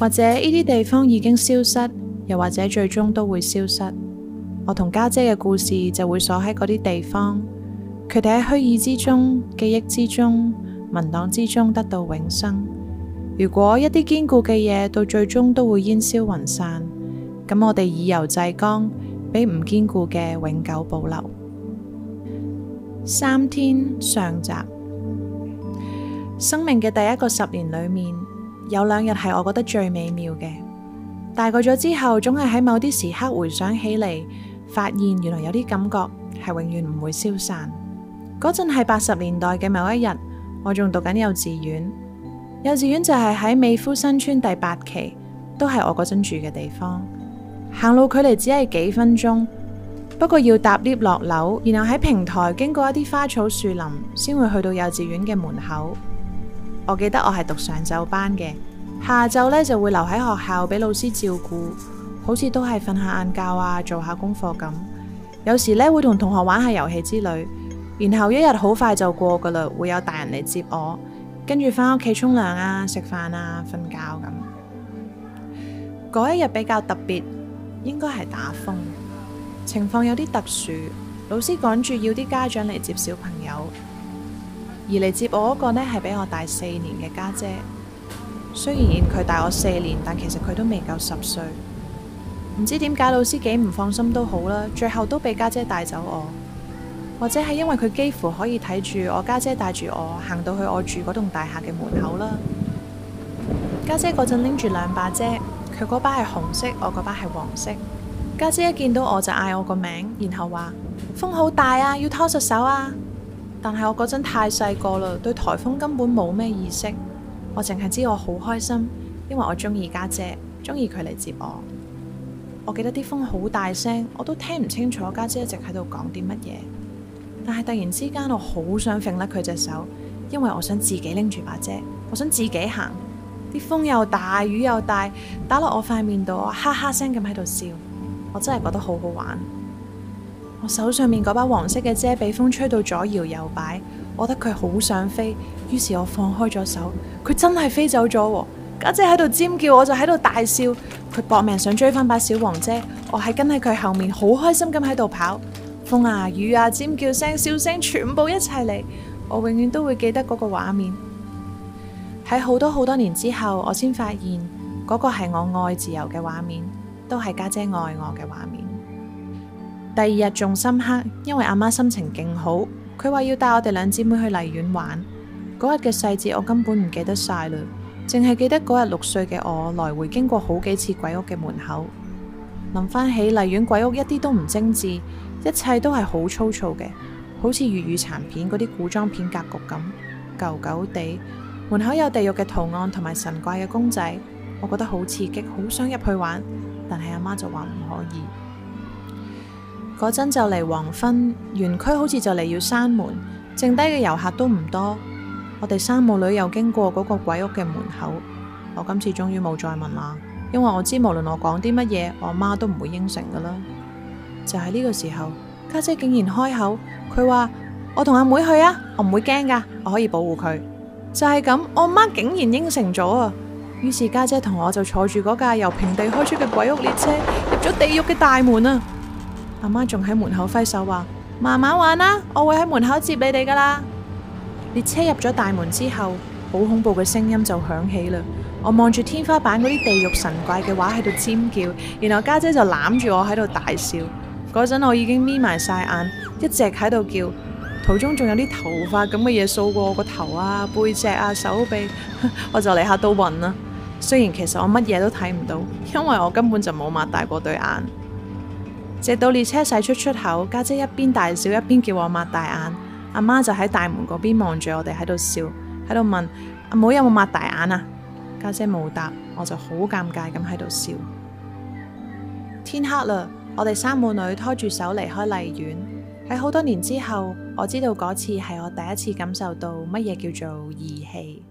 或者呢啲地方已經消失，又或者最終都會消失。我同家姐嘅故事就會鎖喺嗰啲地方，佢哋喺虛擬之中、記憶之中、文檔之中得到永生。如果一啲堅固嘅嘢到最終都會煙消雲散，咁我哋以柔制剛，俾唔堅固嘅永久保留。三天上集，生命嘅第一個十年裏面。有兩日係我覺得最美妙嘅。大個咗之後，總係喺某啲時刻回想起嚟，發現原來有啲感覺係永遠唔會消散。嗰陣係八十年代嘅某一日，我仲讀緊幼稚園。幼稚園就係喺美孚新村第八期，都係我嗰陣住嘅地方。行路距離只係幾分鐘，不過要搭 lift 落樓，然後喺平台經過一啲花草樹林，先會去到幼稚園嘅門口。我記得我係讀上晝班嘅，下晝呢就會留喺學校俾老師照顧，好似都係瞓下晏覺啊，做下功課咁。有時呢會同同學玩下遊戲之類，然後一日好快就過噶啦，會有大人嚟接我，跟住翻屋企沖涼啊、食飯啊、瞓覺咁。嗰一日比較特別，應該係打風，情況有啲特殊，老師趕住要啲家長嚟接小朋友。而嚟接我嗰個呢，係比我大四年嘅家姐。雖然佢大我四年，但其實佢都未夠十歲。唔知點解老師幾唔放心都好啦，最後都俾家姐帶走我。或者係因為佢幾乎可以睇住我，家姐帶住我行到去我住嗰棟大廈嘅門口啦。家姐嗰陣拎住兩把遮，佢嗰把係紅色，我嗰把係黃色。家姐一見到我就嗌我個名，然後話風好大啊，要拖實手啊。但係我嗰陣太細個啦，對颱風根本冇咩意識，我淨係知我好開心，因為我中意家姐，中意佢嚟接我。我記得啲風好大聲，我都聽唔清楚家姐一直喺度講啲乜嘢。但係突然之間，我好想揈甩佢隻手，因為我想自己拎住把遮，我想自己行。啲風又大，雨又大，打落我塊面度，我哈哈聲咁喺度笑，我真係覺得好好玩。我手上面嗰把黃色嘅遮被風吹到左搖右擺，我覺得佢好想飛，於是我放開咗手，佢真係飛走咗。家姐喺度尖叫，我就喺度大笑。佢搏命想追翻把小黃遮，我係跟喺佢後面，好開心咁喺度跑。風啊雨啊尖叫聲笑聲全部一齊嚟，我永遠都會記得嗰個畫面。喺好多好多年之後，我先發現嗰個係我愛自由嘅畫面，都係家姐愛我嘅畫面。第二日仲深刻，因為阿媽心情勁好，佢話要帶我哋兩姊妹去荔園玩。嗰日嘅細節我根本唔記得晒嘞，淨係記得嗰日六歲嘅我來回經過好幾次鬼屋嘅門口。諗返起荔園鬼屋一啲都唔精緻，一切都係好粗糙嘅，好似粵語殘片嗰啲古裝片格局咁舊舊地。門口有地獄嘅圖案同埋神怪嘅公仔，我覺得好刺激，好想入去玩，但係阿媽就話唔可以。嗰陣就嚟黃昏，園區好似就嚟要閂門，剩低嘅遊客都唔多。我哋三母女又經過嗰個鬼屋嘅門口，我今次終於冇再問啦，因為我知無論我講啲乜嘢，我阿媽都唔會應承噶啦。就喺、是、呢個時候，家姐，姐竟然開口，佢話我同阿妹，妹去啊，我唔會驚噶，我可以保護佢。就係、是、咁，我阿媽竟然應承咗啊！於是家姐同我就坐住嗰架由平地開出嘅鬼屋列車，入咗地獄嘅大門啊！阿媽仲喺門口揮手話：慢慢玩啦，我會喺門口接你哋噶啦。列車入咗大門之後，好恐怖嘅聲音就響起啦。我望住天花板嗰啲地獄神怪嘅畫喺度尖叫，然後家姐，姐就攬住我喺度大笑。嗰陣我已經眯埋晒眼，一直喺度叫。途中仲有啲頭髮咁嘅嘢掃過我個頭啊、背脊啊、手臂， 我就嚟吓到暈啦。雖然其實我乜嘢都睇唔到，因為我根本就冇擘大過對眼。直到列車駛出出口，家姐，姐一邊大笑一邊叫我擘大眼，阿媽就喺大門嗰邊望住我哋喺度笑，喺度問阿妹有冇擘大眼啊？家姐冇答，我就好尷尬咁喺度笑。天黑啦，我哋三母女拖住手離開荔園。喺好多年之後，我知道嗰次係我第一次感受到乜嘢叫做義氣。